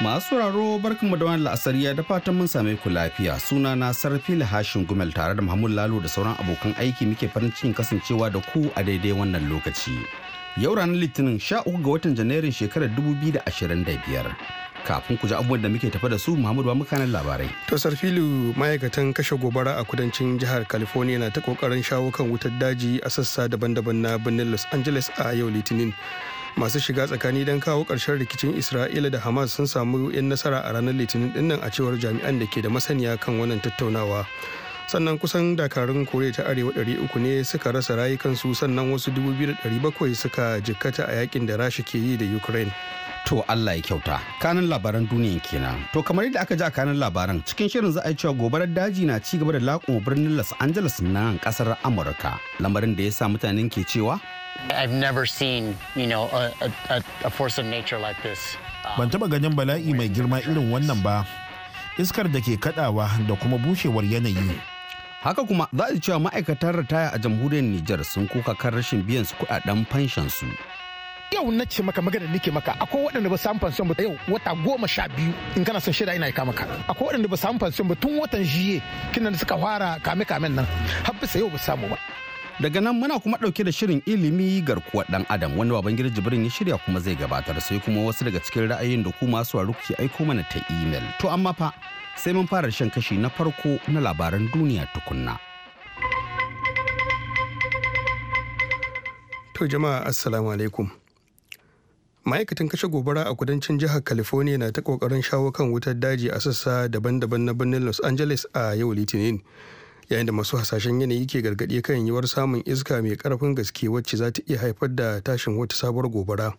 Masu sauraro mu da wani ya da fatan mun same ku lafiya suna na sarfila hashin gumel tare da Muhammad Lalo da sauran abokan aiki muke farin cikin kasancewa da ku a daidai wannan lokaci. Yau ranar Litinin 13 ga watan Janairun shekarar 2025. Kafin ku ji abubuwan da muke tafa da su Muhammadu ba mukanan labarai. To Sarfilu ma'aikatan kashe gobara a kudancin jihar California na ta kokarin shawo kan wutar daji a sassa daban-daban na birnin Los Angeles a yau Litinin. masu shiga tsakani don kawo karshen rikicin isra'ila da hamas sun samu 'yan nasara a ranar litinin dinnan a cewar jami'an da ke da masaniya kan wannan tattaunawa sannan kusan dakarun koriya ta arewa 300 ne suka rasa rayukansu sannan wasu 2,700 suka jikkata a yakin da rasha ke yi da ukraine To Allah ya kyauta. Kanin labaran duniya kenan. To kamar yadda aka ji a kanin labaran cikin shirin za a yi cewa gobarar daji na ci gaba da laƙo birnin Los Angeles na kasar Amurka. Lamarin da ya sa mutanen ke cewa I've never seen, you know, a, a, a force of nature like this. Um, Ban taba ganin bala'i mai girma irin wannan ba. Iskar da ke kadawa da kuma bushewar yanayi. Haka kuma za a cewa ma'aikatar ritaya a jamhuriyar Nijar sun kuka kan rashin biyan su kuɗaɗen fanshansu. su. yau na ce maka magana nake maka akwai waɗanda ba samu fansiyon ba yau wata goma sha biyu in kana son shirya ina aika maka akwai waɗanda ba samu fansiyon ba tun watan jiye kinan da suka fara kame kamen nan har bisa yau ba samu ba daga nan muna kuma ɗauke da shirin ilimi garkuwar ɗan adam wanda babangida jibrin ya shirya kuma zai gabatar sai kuma wasu daga cikin ra'ayin da ku masu ke aiko mana ta imel to amma fa sai mun fara shan kashi na farko na labaran duniya tukunna to jama'a assalamu alaikum ma'aikatan kashe gobara a kudancin jihar california na ta kokarin shawo kan wutar daji a sassa daban-daban na birnin los angeles a yau litinin yayin da masu hasashen yanayi ke gargaɗi kan yiwuwar samun iska mai karfin gaske wacce za ta iya haifar da tashin wata sabuwar gobara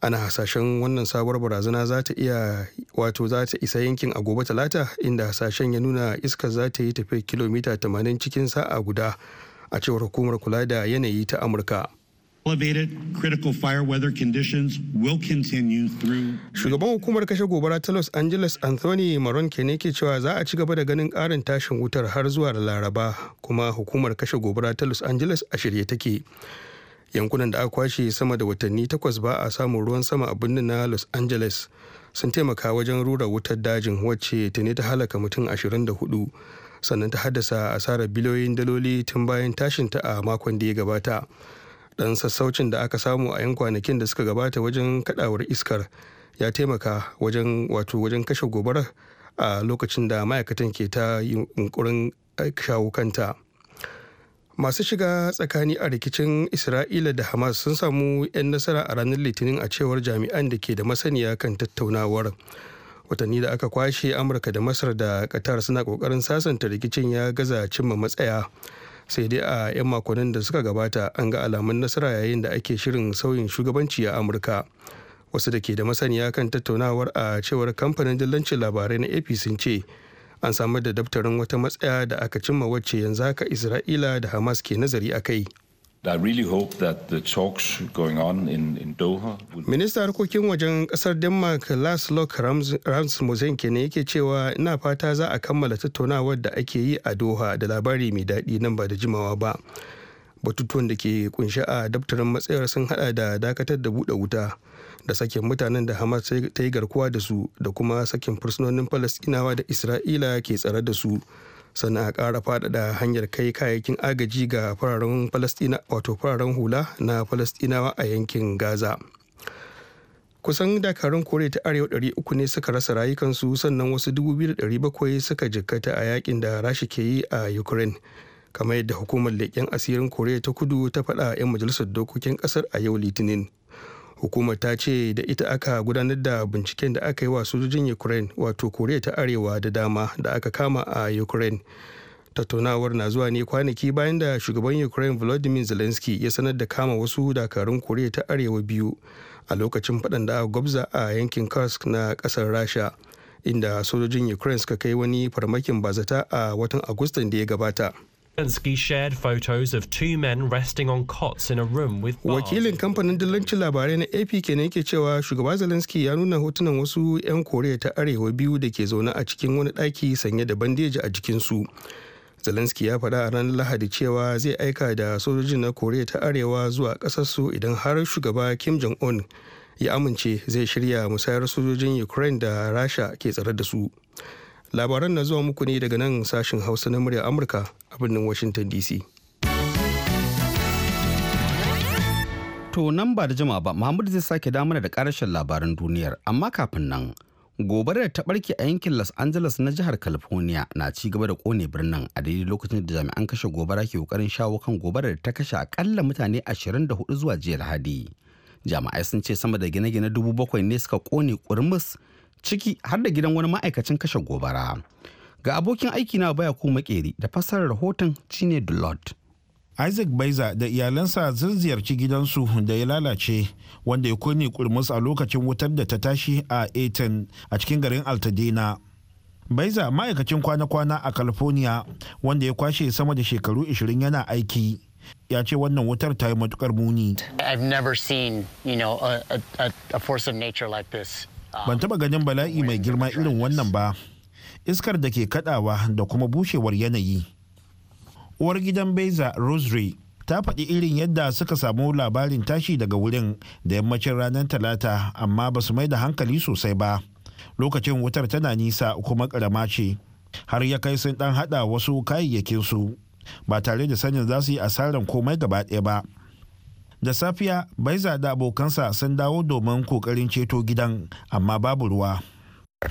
ana hasashen wannan sabuwar barazana za ta iya wato za ta isa yankin a gobe talata inda hasashen ya nuna iska za ta yi tafiya kilomita 80 cikin sa'a guda a cewar hukumar kula da yanayi ta amurka Elevated critical fire weather will continue Shugaban hukumar kashe gobara ta Los Angeles Anthony Maronke ne ke cewa za a ci gaba da ganin ƙarin tashin wutar har zuwa Laraba kuma hukumar kashe gobara ta Los Angeles a shirye take. Yankunan da aka kwashe sama da watanni takwas ba a samun ruwan sama a birnin na Los Angeles sun taimaka wajen rura wutar dajin wacce ne ta halaka mutum 24 sannan ta haddasa asarar biliyoyin daloli tun bayan tashinta a makon da ya gabata. dan sassaucin da aka samu a 'yan kwanakin da suka gabata wajen kadawar iskar ya taimaka wajen wato wajen kashe gobarar a lokacin da ma'aikatan ke ta yunkurin shawo kanta masu shiga tsakani a rikicin isra'ila da hamas sun samu 'yan nasara a ranar litinin a cewar jami'an da ke da masaniya kan tattaunawar watanni da aka kwashe amurka da masar da qatar suna kokarin sasanta rikicin ya gaza cimma matsaya sai dai a 'yan makonnin da suka gabata an ga alamun nasara yayin da ake shirin sauyin shugabanci a amurka wasu da ke da masaniya kan tattaunawar a cewar kamfanin dillancin labarai na ap sun ce an samar da daftarin wata matsaya da aka cimma wacce yanzu haka isra'ila da hamas ke nazari a kai Minista harkokin wajen kasar Denmark Laszlo Rasmussen ne yake cewa ina fata za a kammala tattaunawar da ake yi a Doha da labari mai daɗi nan ba da jimawa ba. Batutuwan da ke kunshi a daftarin matsayar sun hada da dakatar da buɗe wuta da sakin mutanen da Hamas ta yi garkuwa da su da kuma sakin fursunonin Falasɗinawa da Isra'ila ke tsare da su. sannan a ƙara faɗaɗa hanyar kai kayayyakin agaji ga fararen falastina wato fararen hula na falastinawa a yankin gaza kusan dakarun kore ta arewa 300 ne suka rasa rayukansu sannan wasu 2,700 suka jikkata a yakin da rashi ke yi a ukraine kamar yadda hukumar leƙen asirin koriya ta kudu ta faɗa 'yan majalisar dokokin ƙasar a yau litinin hukumar ta ce da ita aka gudanar da binciken da aka yi wa sojojin ukraine wato koriya ta arewa da dama da aka kama a ukraine tattaunawar na zuwa ne kwanaki bayan da shugaban ukraine volodymyr zelensky ya sanar da kama wasu dakarun koriya ta arewa biyu a lokacin faɗan da aka gwabza a yankin kursk na ƙasar rasha inda sojojin ukraine suka kai wani farmakin bazata a watan agustan da ya gabata Zelensky shared photos of two men resting on cots in a room with Wakilin kamfanin dillancin labarai na AP ne yake cewa shugaba Zelensky ya nuna hotunan wasu 'yan Koriya ta Arewa biyu da ke zaune a cikin wani ɗaki sanye da bandeji a jikinsu. Zelensky ya faɗa a ranar Lahadi cewa zai aika da sojojin na Koriya ta Arewa zuwa ƙasarsu idan har shugaba Kim Jong-un ya amince zai shirya musayar sojojin Ukraine da Rasha ke tsare da su. labaran na zuwa muku ne daga nan sashen hausa na murya amurka a birnin washington dc to nan ba da jama'a ba muhammadu zai sake damar da karashen labaran duniyar amma kafin nan gobarar da ta barke a yankin los angeles na jihar california na ci gaba da kone birnin a daidai lokacin da jami'an kashe gobara ke kokarin shawo kan da ta kashe akalla mutane 24 zuwa jiya lahadi Jama'ai sun ce sama da gine-gine dubu bakwai ne suka kone kurmus ciki har da gidan wani ma'aikacin kashe gobara ga abokin aiki na baya ko makeri da fassarar rahoton shine dulot isaac baiza da iyalansa sun ziyarci gidansu da ya lalace wanda ya kone kurmus a lokacin wutar da ta tashi a aten a cikin garin altadena baiza ma'aikacin kwana-kwana a california wanda ya kwashe sama da shekaru 20 yana aiki ya ce wannan wutar ta yi matukar muni. I've never seen, you know, a, a, a force of nature like this. ban taba ganin bala'i mai girma irin wannan ba iskar da ke kadawa da kuma bushewar yanayi uwar gidan beza rosary ta faɗi irin yadda suka samu labarin tashi daga wurin da yammacin ranar talata amma ba su mai da hankali sosai ba lokacin wutar tana nisa kuma ƙarama ce har ya kai sun ɗan haɗa wasu kayayyakinsu ba tare da sanin za su yi asarar komai gaba ɗaya ba da safiya baiza da abokansa sun dawo domin kokarin ceto gidan amma babu ruwa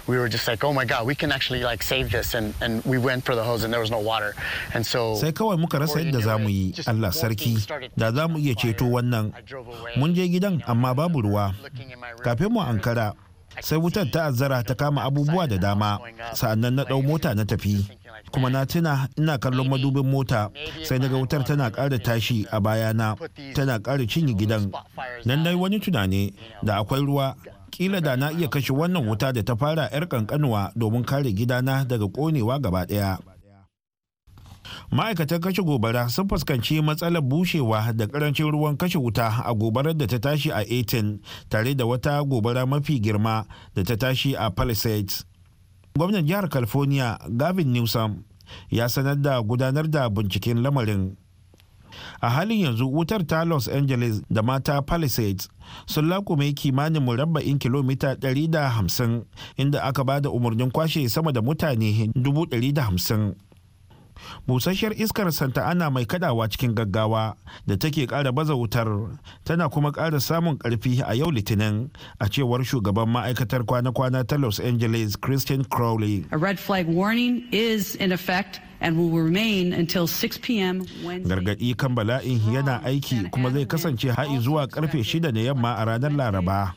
we were just like, oh my God, we can actually like save this. And, and we went for the hose and there was no water. And so. Sai kawai muka rasa yadda za mu yi, Allah sarki, da za mu iya ceto wannan. Mun je gidan amma babu ruwa. Kafin mu ankara, sai wutar ta'azzara ta kama abubuwa da dama, sa'annan na ɗau mota na tafi. kuma na tuna ina kallon madubin mota sai daga wutar tana ƙara tashi a bayana tana ƙara cinye gidan nan dai wani tunani da akwai ruwa kila da na iya kashe wannan wuta da ta fara 'yar kankanuwa domin kare gidana daga konewa gaba ɗaya ma'aikatan kashe gobara sun fuskanci matsalar bushewa da karancin ruwan kashe wuta a gobarar da ta tashi a 18 tare da wata gobara mafi girma da ta tashi a palisades gwamnan jihar california gavin newsom ya sanar da gudanar da binciken lamarin a halin yanzu wutar ta los angeles da mata palisades sun lakume kimanin murabba'in kilomita 150 inda aka ba da umarnin kwashe sama da mutane 150 busasshiyar iskar santa ana mai kadawa cikin gaggawa da take kara baza wutar tana kuma kara samun karfi a yau litinin a cewar shugaban ma'aikatar kwana-kwana ta los angeles christian crowley a red flag warning is in effect and will remain until kan bala'in ah, yana aiki kuma zai kasance ha'i zuwa karfe 6 na yamma a ranar Laraba.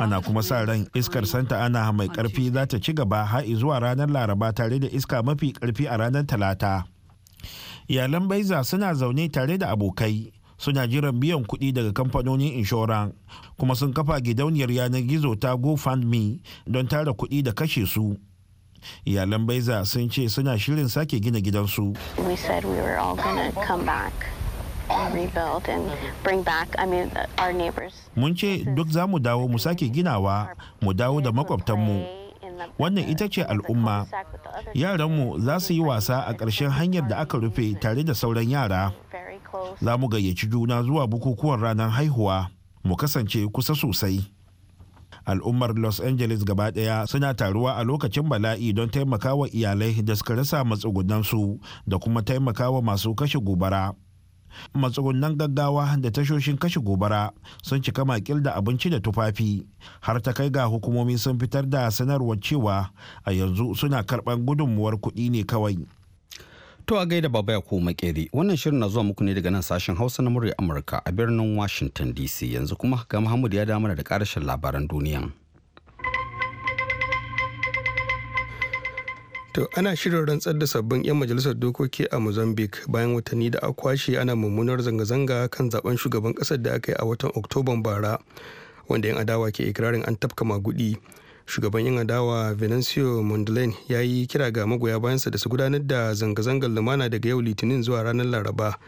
Ana kuma sa ran iskar Santa Ana mai karfi za ta ci gaba ha'i zuwa ranar Laraba tare da iska mafi karfi a ranar Talata. Iyalan Baiza suna zaune tare da abokai. suna jiran biyan kuɗi daga kamfanonin inshoran kuma sun kafa gidauniyar yanar gizo ta gofundme don tara kuɗi da kashe su iyalan baiza sun ce suna shirin sake gina gidansu mun ce duk za mu dawo mu sake ginawa mu dawo da makwabtanmu wannan ita ce al'umma yaranmu za su yi wasa a ƙarshen hanyar da aka rufe tare da sauran yara za mu gayyaci juna zuwa bukukuwan ranar haihuwa mu kasance kusa sosai al'ummar los angeles gaba daya suna taruwa a lokacin bala'i don taimakawa iyalai da suka rasa matsugunansu da kuma taimakawa masu kashe gobara matsugunan gaggawa da tashoshin kashe gobara sun cika makil da abinci da tufafi har ta kai ga hukumomi sun fitar da sanarwar cewa a yanzu suna karɓar gudunmuwar kuɗi ne kawai To a gaida baba ya ko makeri wannan shirin na zuwa muku ne daga nan sashen Hausa na murya Amurka a birnin Washington DC yanzu kuma ga Muhammad ya damar da karashin labaran duniya. To ana shirin rantsar da sabbin 'yan majalisar dokoki a Mozambique bayan watanni da aka kwashe ana mummunar zanga-zanga kan zaben shugaban kasar da aka yi a watan Oktoban bara wanda 'yan adawa ke ikirarin an tafka maguɗi. shugaban yan adawa venancio mondelain ya yi kira ga magoya bayansa da su gudanar da zanga-zangar lumana daga yau litinin zuwa ranar laraba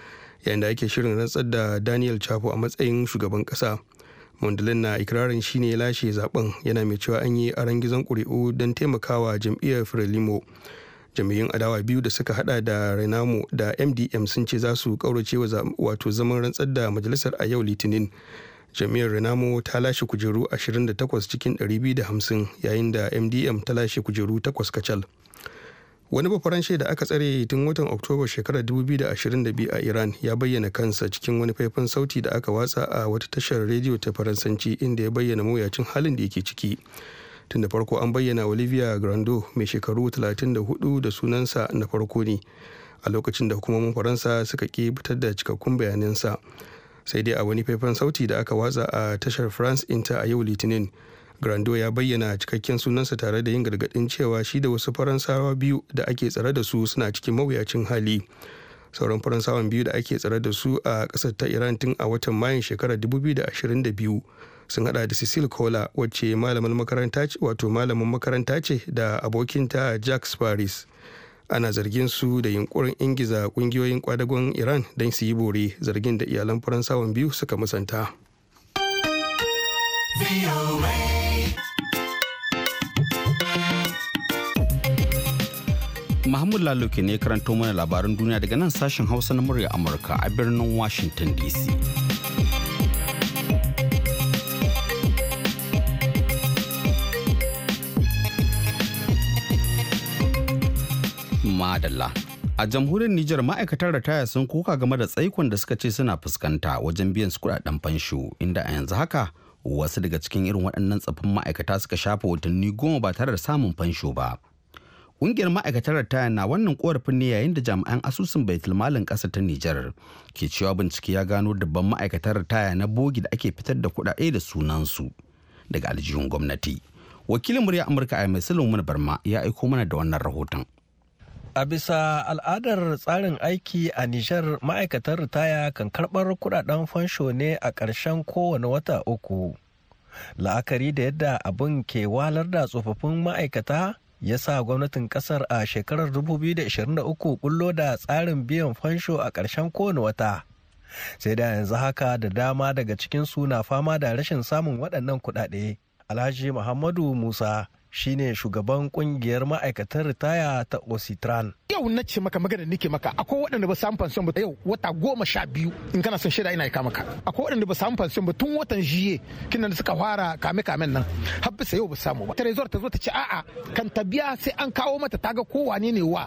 yayin da ake shirin rantsar da daniel chapo a matsayin shugaban kasa mondelain na ikirarin shine ya lashe zaben yana mai cewa an yi aron gizon ƙuri'u don taimakawa jam'iyyar frelimo jam'iyyun adawa biyu da suka hada da renamo da mdm sun ce za su kaurace wato zaman rantsar da majalisar a yau litinin jami'ar renamo ta lashe kujeru 28 cikin 250 yayin da mdm ta lashe kujeru 8 kacal wani bafaranshe da aka tsare tun watan oktoba shekarar 2022 a iran ya bayyana kansa cikin wani faifan sauti da aka watsa a wata tashar rediyo ta faransanci inda ya bayyana mawuyacin halin da yake ciki tun da farko an bayyana olivia grando mai shekaru 34 da sunansa na farko ne a lokacin da hukumomin faransa suka ki fitar da cikakkun bayanansa sai dai a wani faifan sauti da aka watsa a tashar france inter a yau litinin grando ya bayyana cikakken sunansa tare da yin gargadin cewa shi da wasu faransawa biyu da ake tsare da su suna cikin mawuyacin hali sauran faransawan biyu da ake tsare da su a ƙasar ta iran tun a watan mayan shekarar 2022 sun hada da cecil kola wacce malamin makaranta ce wato malamin makaranta ce da abokinta jacques paris ana zargin su da yunkurin ingiza kungiyoyin kwadagon iran don su yi bore zargin da iyalan faransawan biyu suka musanta mahmud lalo ke ne karanto mana labarin duniya daga nan sashen hausa na murya amurka a birnin washington dc dalla A jamhuriyar Nijar ma'aikatar ritaya sun kuka game da tsaikon da suka ce suna fuskanta wajen biyan su kudaden fansho inda a yanzu haka wasu daga cikin irin waɗannan tsafin ma'aikata suka shafa watanni goma ba tare da samun fansho ba. Ƙungiyar ma'aikatar ritaya na wannan korafin ne yayin da jami'an asusun baitulmalin ƙasa ta Nijar ke cewa bincike ya gano dabban ma'aikatar ritaya na bogi da ake fitar da kuɗaɗe da sunansu daga aljihun gwamnati. Wakilin murya Amurka a mai Sulaiman Barma ya aiko mana da wannan rahoton. A bisa al'adar tsarin aiki a Nijar ma'aikatar ritaya kan karɓar kudaden fansho ne a ƙarshen kowane wata uku. La'akari da yadda abin ke walar da tsofaffin ma'aikata ya sa gwamnatin ƙasar a shekarar 2023 kullo da tsarin biyan fansho a ƙarshen kowane wata. Sai da yanzu haka da dama daga cikin suna fama da rashin samun waɗannan kuɗaɗe. Alhaji Muhammadu Musa shine shugaban kungiyar ma'aikatar ritaya ta Ositran. Yau na ce maka magana nike maka akwai waɗanda ba samu fansiyon ba yau wata goma sha biyu in kana son shida ina aika maka. Akwai waɗanda ba samu fansiyon ba tun watan jiye kinan da suka fara kame kamen nan har bisa yau ba samu ba. Trezor ta zo ta ce a'a kan ta biya sai an kawo mata ta ga kowane ne wa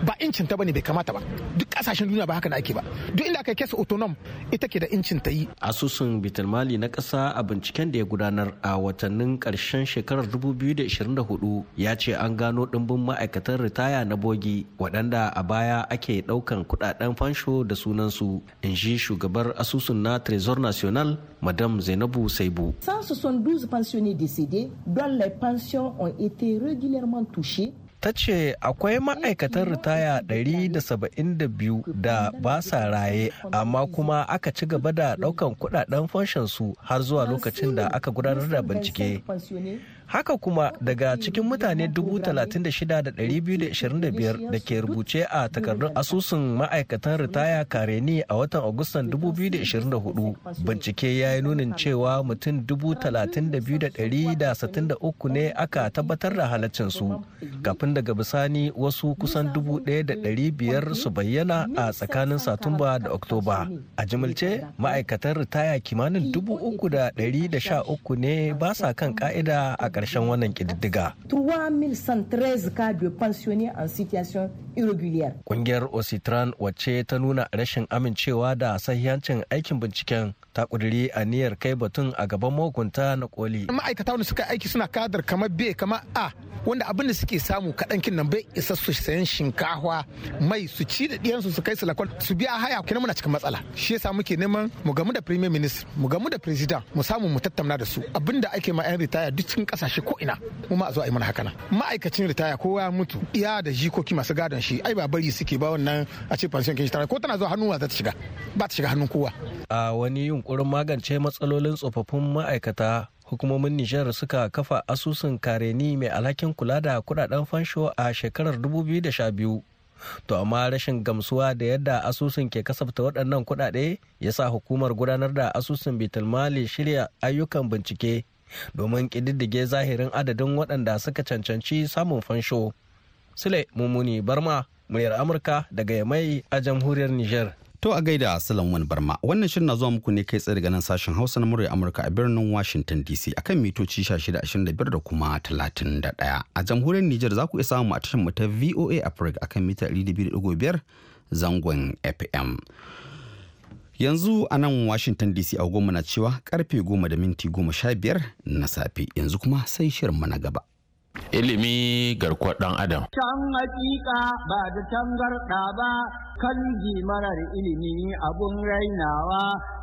ba incin ta bane bai kamata ba duk kasashen duniya ba haka na ake ba duk inda aka kesa autonom ita ke da incin ta yi asusun bitalmali na kasa a binciken da ya gudanar a watannin karshen shekarar 2024 ya ce an gano dimbin ma'aikatan ritaya na bogi waɗanda a baya ake ɗaukan kuɗaɗen fansho da sunansu in ji shugabar asusun na trésor national madam zainabu saibu 172 pensionnés décédés dont les pensions ont été régulièrement touchées ta ce akwai ma'aikatan ritaya 172 da ba sa raye amma kuma aka ci gaba da daukan kudaden fanshansu har zuwa lokacin da aka gudanar da bincike haka kuma daga cikin mutane 36,225 da ke rubuce a takardun asusun ma'aikatan ritaya kareni a watan agustan 2024 bincike ya yi nunin cewa mutum 32,163 ne aka tabbatar da halaccinsu kafin daga bisani wasu kusan 1,500 su bayyana a tsakanin satumba da oktoba a jimilce ma'aikatan ritaya kimanin 3,013 ne ba sa kan ka'ida a karshen wannan kididdiga. 3,113 cas de pensionnaires en situation irregulière. Kungiyar Ositran wace ta nuna rashin amincewa da sahihancin aikin binciken ta a niyyar kai batun a gaban mahukunta na koli. ma'aikata wanda suka aiki suna kadar kama b kama a wanda abin da suke samu kaɗan kin nan bai isa su sayan shinkawa mai su ci da ɗiyansu su kai su lakon su biya haya kenan muna cikin matsala shi yasa muke neman mu gamu da premier minister mu gamu da president mu samu mu tattauna da su abin da ake ma 'yan ritaya duk cikin ƙasashe ko ina mu ma a zo a yi mana haka nan ma'aikacin ritaya kowa ya mutu iya da jikoki masu gadon shi ai ba bari suke ba wannan a ce pension kin shi ko tana zuwa hannu za ta shiga ba ta shiga hannun kowa a wani yin yunkurin magance matsalolin tsofaffin ma'aikata hukumomin nijar suka kafa asusun kareni mai alhakin kula da kudaden fansho a shekarar 2012 to amma rashin gamsuwa da yadda asusun ke kasafta waɗannan kuɗaɗe ya sa hukumar gudanar da asusun bitulmali shirya ayyukan bincike domin ƙididdige zahirin adadin waɗanda suka cancanci samun fansho sule mummuni barma muryar amurka daga yamai a jamhuriyar Nijar. To a gaida wani Barma, wannan shirin na zuwa muku ne kai tsaye daga nan sashen Hausa na murya Amurka a birnin Washington DC akan mitoci 1625 da kuma 31. A jamhuriyar Nijar za ku iya samu a tashar mu ta VOA Africa akan mita 200.5 zangon FM. Yanzu a nan Washington DC a goma na cewa karfe goma da minti goma sha biyar na safe yanzu kuma sai shirin mana gaba. ilimi garkuwar ɗan adam. Can hakika ba da tangarɗa ba kan marar ilimi abun rainawa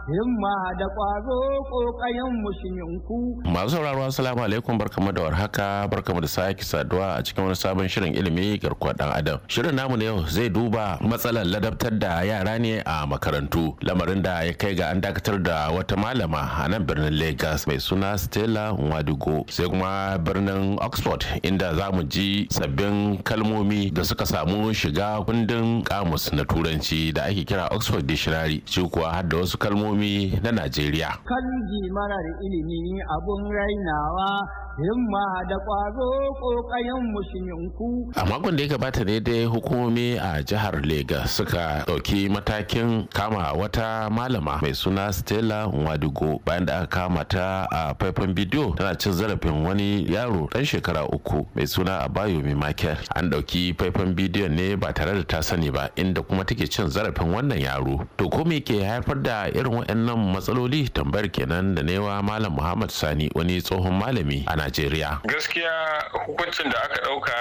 himma da ƙwazo ƙoƙayen musulminku. Masu sauraro assalamu alaikum barkamu da warhaka barkamu da sake saduwa a cikin wani sabon shirin ilimi garkuwar ɗan adam. Shirin namu na yau zai duba matsalar ladabtar da yara ne a makarantu lamarin da ya kai ga an dakatar da wata malama a nan birnin Lagos mai suna Stella Nwadugo sai kuma birnin Oxford inda za mu ji sabbin kalmomi da suka samu shiga kundin kamus na turanci da ake kira oxford dictionary shi kuwa har da wasu kalmomi na najeriya kalji marar ilimi abun rainawa himma da ƙwazo kokayen mushinku A makon da ya gabata ne dai hukumomi a jihar Legas suka ɗauki matakin kama wata malama mai suna Stella Nwadugo bayan da aka kama ta a faifan bidiyo tana cin zarafin wani yaro ɗan shekara uku. uku mai suna abayo mai michael an ɗauki faifan bidiyon ne ba tare da ta sani ba inda kuma take cin zarafin wannan yaro to ko me ke haifar da irin waɗannan matsaloli tambayar kenan da newa malam muhammad sani wani tsohon malami a najeriya gaskiya hukuncin da aka ɗauka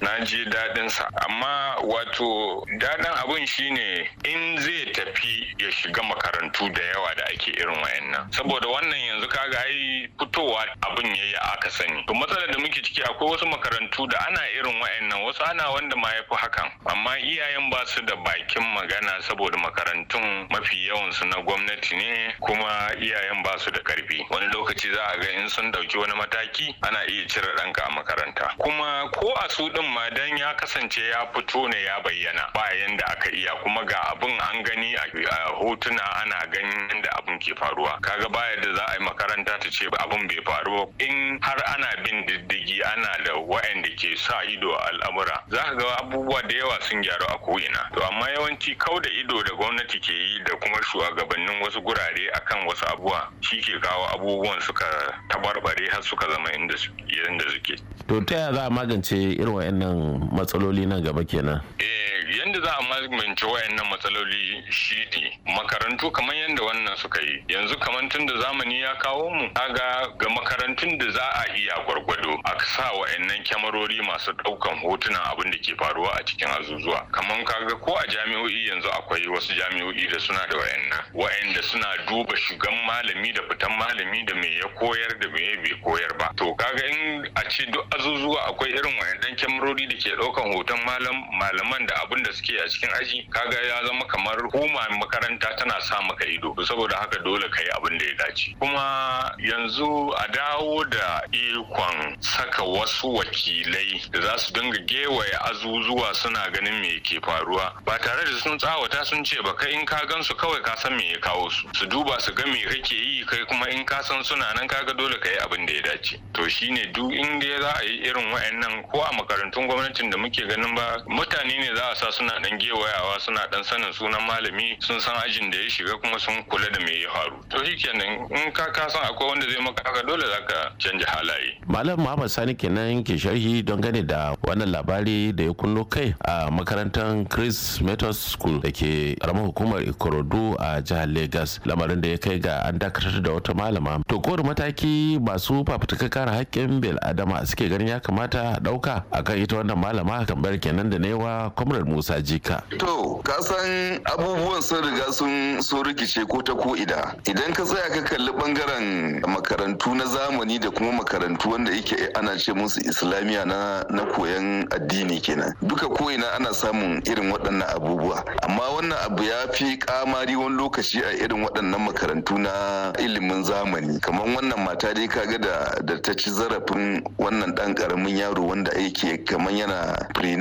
na ji daɗin sa amma wato daɗin abun shine in zai tafi ya shiga makarantu da yawa da ake irin wayannan saboda wannan yanzu kaga ai fitowa abin yayi aka sani to matsalar da muke ciki akwai wasu makarantu da ana irin wa'annan wasu ana wanda ma yafi hakan amma iyayen ba su da bakin magana saboda makarantun mafi yawansu na gwamnati ne kuma iyayen ba su da karfi wani lokaci za a ga in sun dauki wani mataki ana iya cire ɗanka a makaranta kuma ko a su ɗin ma dan ya kasance ya fito ne ya bayyana ba yanda aka iya kuma ga abin an gani a hotuna ana ganin yanda abin ke faruwa kaga baya da za a yi makaranta ta ce abin bai faru in har ana bin diddigi ana da waɗanda ke sa ido a al'amura za ka ga abubuwa da yawa sun gyaru a ko'ina to amma yawanci kau da ido da gwamnati ke yi da kuma shugabannin wasu gurare akan wasu abubuwa shi ke kawo abubuwan suka tabarbare har suka zama inda suke to ta yaya za a magance irin waɗannan matsaloli nan gaba kenan eh yanda za a magance waɗannan matsaloli shi ne makarantu kamar yadda wannan suka yi yanzu kamar tun da zamani ya kawo mu ga ga makarantun da za a iya gwargwado a sa wa wa'annan kyamarori masu ɗaukan hotunan abin da ke faruwa a cikin azuzuwa kamar kaga ko a jami'o'i yanzu akwai wasu jami'o'i da suna da wa'annan Wayanda suna duba shugan malami da fitan malami da me ya koyar da me bai koyar ba to kaga in a ce duk azuzuwa akwai irin wa'annan kyamarori da ke ɗaukan hoton malam malaman da abin da suke a cikin aji kaga ya zama kamar huma makaranta tana sa maka ido saboda haka dole ka yi abin da ya dace kuma yanzu a dawo da ikon saka wasu wasu wakilai da za su dinga gewaye azuzuwa suna ganin me ke faruwa ba tare da sun tsawata sun ce ba kai in ka gansu kawai ka san me ya kawo su su duba su ga me kake yi kai kuma in ka san suna nan kaga dole ka yi abin da ya dace to shine duk inda za a yi irin wa'annan ko a makarantun gwamnatin da muke ganin ba mutane ne za a sa suna dan gewayawa suna dan sanin sunan malami sun san ajin da ya shiga kuma sun kula da me ya faru to shikenan in ka ka san akwai wanda zai maka haka dole zaka canja halaye malam Muhammad Sani kenan kenan ke sharhi don gane da wannan labari da ya kunno kai a makarantar chris metos school da ke ramar hukumar ikorodu a jihar lagos lamarin da ya kai ga an dakatar da wata malama to kowane mataki masu fafutuka kare haƙƙin bil adama suke ganin ya kamata a ɗauka akan ita wannan malama kan bar kenan da newa kwamrar musa jika to kasan abubuwan sun riga sun so rikice ko ta ko ida idan ka tsaya ka kalli bangaren makarantu na zamani da kuma makarantu wanda yake ana ce mu su islamiyya na na koyan addini kenan duka ko'ina ana samun irin waɗannan abubuwa amma wannan abu ya fi kamari wani lokaci a irin waɗannan makarantu na ilimin zamani kamar wannan mata dai kaga da da ta ci zarafin wannan ɗan ƙaramin yaro wanda yake kamar yana pre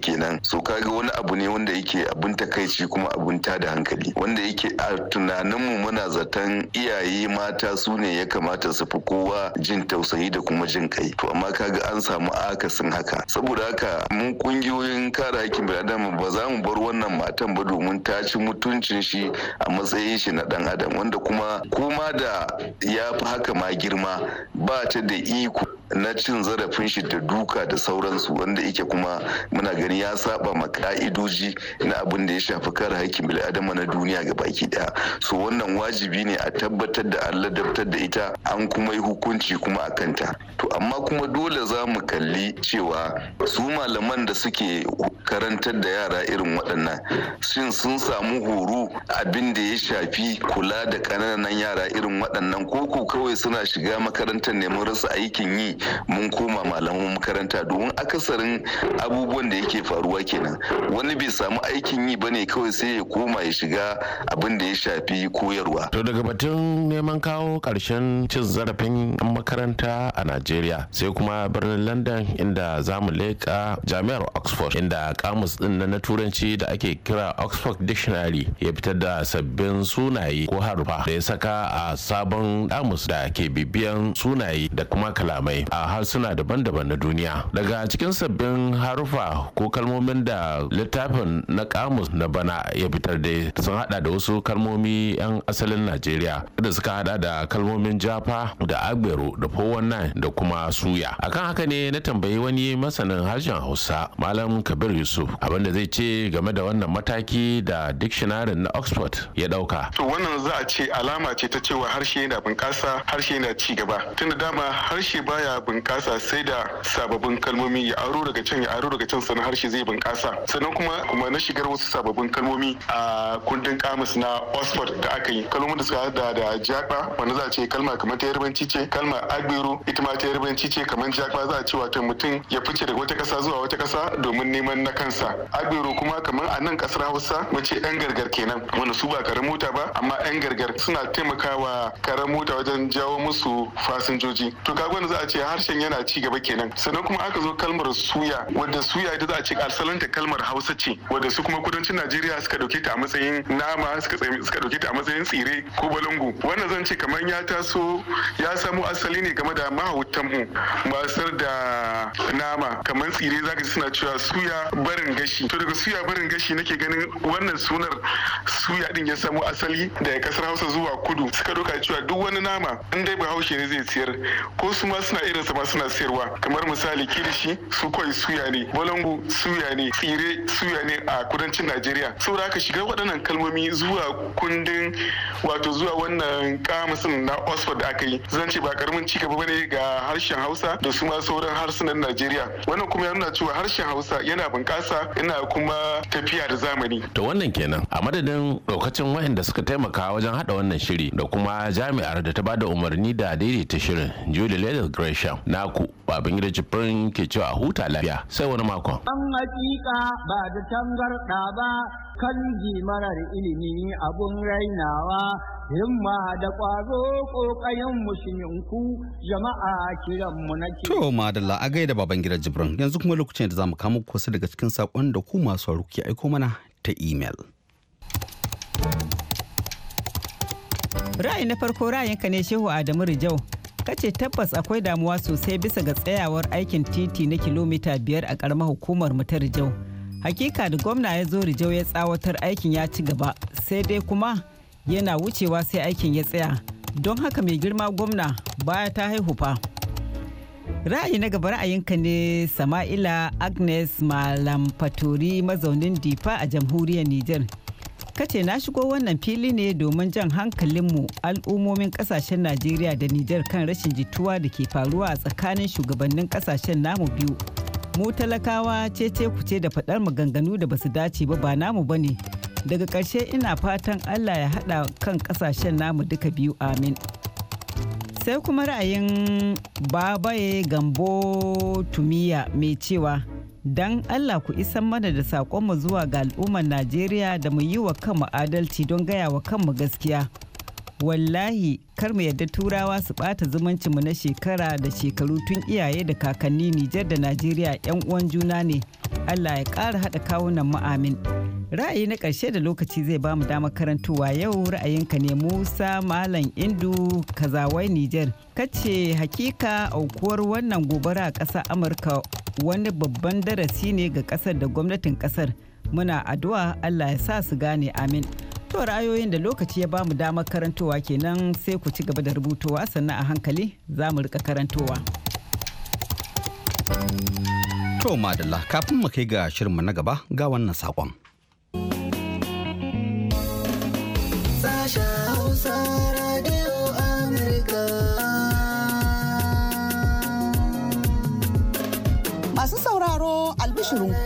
kenan so kaga wani abu ne wanda yake abun takaici kuma abun tada hankali wanda yake a tunaninmu muna zaton iyaye mata su ne ya kamata su fi kowa jin tausayi da kuma jin kai to amma kaga ga an samu akasin haka saboda haka mun kungiyoyin kare hakkin adam ba za mu bar wannan matan ba domin ta ci mutuncin shi a matsayin shi na dan adam wanda kuma kuma da ya fi haka ma girma ba ta da iko na cin zarafin shi da duka da sauransu wanda yake kuma muna gani ya saba ma ka'idoji na abin da ya shafi kare bil bil'adama na duniya ga baki daya so wannan wajibi ne a tabbatar da an ladabtar da ita an kuma yi hukunci kuma a kanta to amma kuma dole za mu kalli cewa su malaman da suke karantar da yara irin waɗannan shin sun samu horo abin da ya shafi kula da ƙananan yara irin waɗannan koko kawai suna shiga makarantar neman rasa aikin yi mun koma malaman makaranta domin akasarin abubuwan da yake faruwa kenan wani bai samu aikin yi bane kawai sai ya koma ya shiga abin da ya shafi koyarwa to daga batun neman kawo karshen cin zarafin makaranta a najeriya sai kuma birnin london inda zamu mu leƙa jami'ar oxford inda kamus din na turanci da ake kira oxford dictionary ya fitar da sabbin sunaye ko harfa da ya saka a sabon kamus da ke bibiyan sunaye da kuma kalamai a harsuna daban-daban na duniya daga cikin sabbin harufa ko kalmomin da littafin na kamus na bana ya fitar da sun hada da wasu kalmomi 'yan asalin najeriya da suka hada da kalmomin jafa da agbero da fowon da kuma suya akan haka ne na tambayi wani masanin harshen hausa malam kabir yusuf abinda zai ce game da wannan mataki da dictionary na oxford ya dauka to wannan za a ce alama ce ta cewa harshe yana bunƙasa harshe yana ci gaba tunda dama harshe baya bunƙasa sai da sababbin kalmomi ya aro daga can ya aro daga can sannan harshe zai bunƙasa sannan kuma kuma na shigar wasu sababbin kalmomi a kundin kamus na oxford da aka yi kalmomin da suka hada da jaba wanda za a ce kalma kamar ta yarbanci ce kalma agbero ita ma ta yarbanci ce kamar jaba fa za a ce wato mutum ya fice daga wata ƙasa zuwa wata ƙasa domin neman na kansa abiro kuma kamar a nan ƙasar hausa mu ce yan gargar kenan wani su ba karen mota ba amma yan gargar suna taimakawa karen mota wajen jawo musu fasinjoji to ka gwani za a ce harshen yana ci gaba kenan sannan kuma aka zo kalmar suya wanda suya ita za a ce alsalanta kalmar hausa ce wanda su kuma kudancin najeriya suka ɗauke ta a matsayin nama suka ɗauke ta a matsayin tsire ko balangu wannan zan ce kamar ya taso ya samo asali ne game da mahautan mu masu fitar da nama kamar tsire zaka ji suna cewa suya barin gashi to daga suya barin gashi nake ganin wannan sunar suya din ya samo asali da daga kasar Hausa zuwa kudu suka doka cewa duk wani nama in dai haushe ne zai siyar ko su ma suna irin ma suna siyarwa kamar misali kirishi su kawai suya ne bolongo suya ne tsire suya ne a kudancin Najeriya saboda haka shiga waɗannan kalmomi zuwa kundin wato zuwa wannan kamusin na Oxford da aka yi zan ce ba karamin cigaba bane ga harshen Hausa da su ma sauran harsunan Najeriya. Wannan kuma ya nuna cewa harshen Hausa yana bunƙasa yana kuma tafiya da zamani. To wannan kenan a madadin lokacin wa'anda suka taimaka wajen haɗa wannan shiri da kuma jami'ar da ta ba da umarni da daidaita shirin Julie Ladies Gresham naku babin gida jibrin ke cewa huta lafiya sai wani makon. An hakika ba da tangarɗa ba kanji marar ilimi abun rainawa himma da ƙwazo kokayen musulminku jama'a kiranmu na ke. To madalla a gaida baban gidan Jibrin yanzu kuma lokacin da zamu mu kama wasu daga cikin sakon da ku masu ruki aiko mana ta imel. Ra'ayi na farko ra'ayinka ne Shehu Adamu Rijau kace tabbas akwai damuwa sosai bisa ga tsayawar aikin titi na kilomita biyar a ƙaramar hukumar mu ta Rijau. hakika da gwamna ya zo rijau ya tsawatar aikin ya ci gaba sai dai kuma yana wucewa sai aikin ya tsaya don haka mai girma gwamna baya ta haihu fa ra'ayi na gaba ra'ayinka ne sama'ila agnes malamfatori mazaunin difa a jamhuriyar niger kace na shigo wannan fili ne domin jan hankalinmu al'ummomin kasashen najeriya da Nijar kan rashin jituwa da ke faruwa a tsakanin shugabannin kasashen namu biyu mu talakawa ce ce ku ce da faɗar maganganu da basu dace ba ba namu ba ne daga ƙarshe ina fatan allah ya haɗa kan ƙasashen namu duka biyu amin sai kuma ra'ayin babaye gambo tumiya mai cewa don allah ku isan mana da saƙonmu zuwa ga al'ummar najeriya da mu yi wa kanmu adalci don gaya wa kanmu gaskiya wallahi kar mu yadda turawa su ɓata zumuncinmu na shekara da shekaru tun iyaye da kakanni nijar da najeriya 'yan uwan juna ne allah ya ƙara haɗa kawunan mu amin ra'ayi na ƙarshe da lokaci zai ba mu damar karantowa yau ra'ayinka ne musa malam indu kazawai nijar kace hakika aukuwar wannan gobara a ƙasar amurka wani babban darasi ne ga ƙasar da gwamnatin ƙasar muna addu'a allah ya sa su gane amin To ra'ayoyin da lokaci ya bamu damar karantowa kenan sai ku ci gaba da rubutowa sannan a hankali za mu rika karantowa. To madalla kafin mu kai ga shirinmu na gaba ga wannan saƙon. Masu sauraro albishirinku.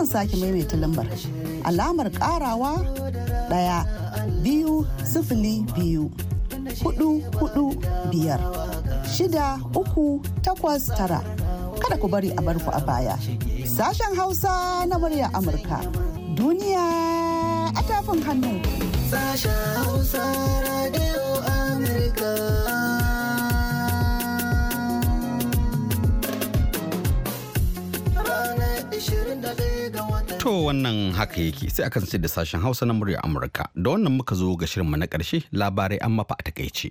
zan sake maimaita lambar alamar karawa daya biyu sifili biyu hudu hudu biyar shida uku takwas tara kada ku bari a barku a baya sashen hausa na murya amurka duniya a tafin hannu sashen hausa radio To wannan haka yake sai akan sai da sashen Hausa na murya Amurka da wannan muka zo ga shirinmu na ƙarshe labarai an mafa a takaice.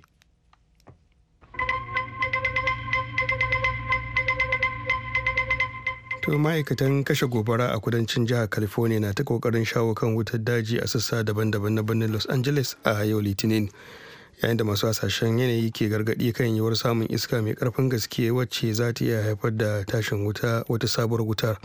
To ma'aikatan kashe gobara a kudancin jihar California na ta kokarin shawo kan wutar daji a sassa daban-daban na birnin Los Angeles a yau Litinin. Yayin da masu hasashen yanayi ke gargaɗi kan yiwuwar samun iska mai karfin gaske wacce za ta iya haifar da tashin wuta wata sabuwar wutar.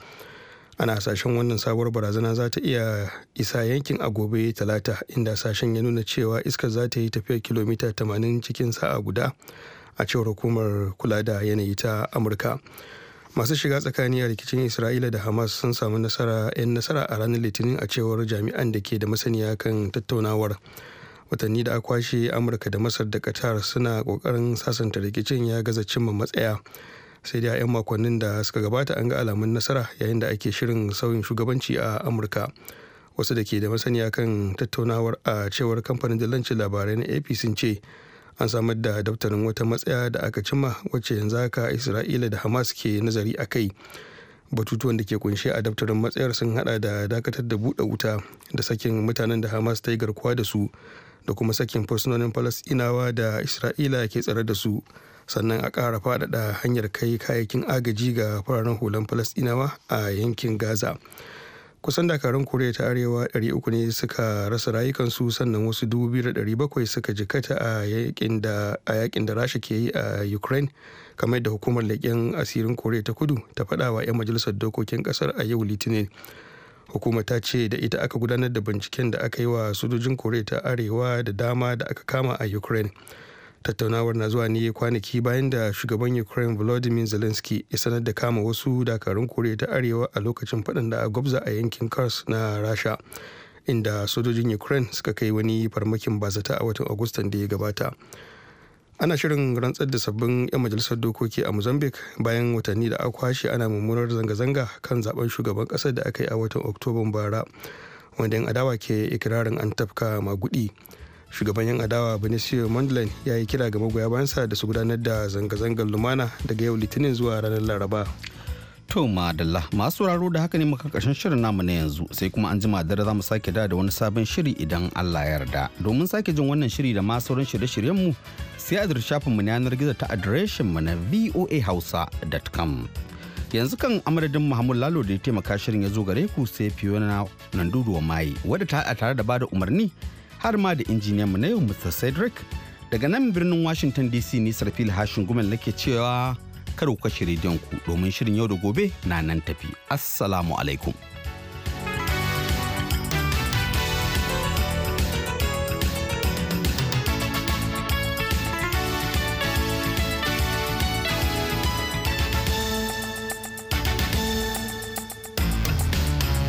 ana hasashen wannan sabuwar barazana za ta iya isa yankin a gobe talata inda sashen ya nuna cewa iskar za ta yi tafiya kilomita 80 cikin sa'a guda a cewar hukumar kula da yanayi ta amurka masu shiga tsakani a rikicin isra'ila da hamas sun samu nasara 'yan nasara a ranar litinin a cewar jami'an da ke da masaniya kan tattaunawar watanni da akwashe amurka da masar da qatar suna kokarin sasanta rikicin ya gaza cimma matsaya sai dai a 'yan makonnin da suka gabata an ga alamun nasara yayin da ake shirin sauyin shugabanci a amurka wasu da ke da masaniya kan tattaunawar a cewar kamfanin dillancin labarai na ap sun ce an samar da daftarin wata matsaya da aka cimma wacce yanzu haka isra'ila da hamas ke nazari a kai batutuwan da ke kunshe a daftarin matsayar sun hada da dakatar da buɗe wuta da sakin mutanen da hamas ta yi garkuwa da su da kuma sakin fursunonin falasɗinawa da isra'ila ke tsare da su sannan a ƙara faɗaɗa hanyar kai kayayyakin agaji ga fararen hulan falasɗinawa a yankin gaza kusan dakarun koriya ta arewa 300 ne suka rasa rayukansu sannan wasu 2,700 suka jikata a yakin da rasha ke yi a ukraine kamar da hukumar leƙen asirin koriya ta kudu ta faɗa wa 'yan majalisar dokokin ƙasar a yau litinin hukumar ta ce da ita aka gudanar da binciken da aka yi wa sojojin koriya ta arewa da dama da aka kama a ukraine tattaunawar na zuwa ne kwanaki bayan da shugaban ukraine volodymyr zelensky ya sanar da kama wasu dakarun koriya ta arewa a lokacin faɗin da a gwabza a yankin kars na rasha inda sojojin ukraine suka kai wani farmakin bazata a watan agustan da ya gabata ana shirin rantsar da sabbin 'yan majalisar dokoki a mozambique bayan watanni da aka kwashe ana mummunar zanga-zanga kan zaben shugaban kasar da aka yi a watan oktoban bara wanda 'yan adawa ke ikirarin an tafka magudi shugaban yan adawa benicio mondlane ya yi kira ga magoya bayansa da su gudanar da zanga-zangar lumana daga yau litinin zuwa ranar laraba to madalla masu sauraro da haka ne muka karshen shirin namu na yanzu sai kuma an ji madara za mu sake da da wani sabon shiri idan allah ya yarda domin sake jin wannan shiri da masu sauran shirye-shiryen mu sai a shafin mu na yanar gizo ta adireshin mu na voahausa.com yanzu kan amadadin muhammad lalo da ya taimaka shirin ya zo gare ku sai fiona nanduduwa mai wadda ta haɗa tare da bada umarni har ma da injiniyan mu na yau Mr. Cedric daga nan birnin Washington DC ni Sarfil Hashin Gumel nake cewa kar ku kashe rediyon ku domin shirin yau da gobe na nan tafi. Assalamu alaikum.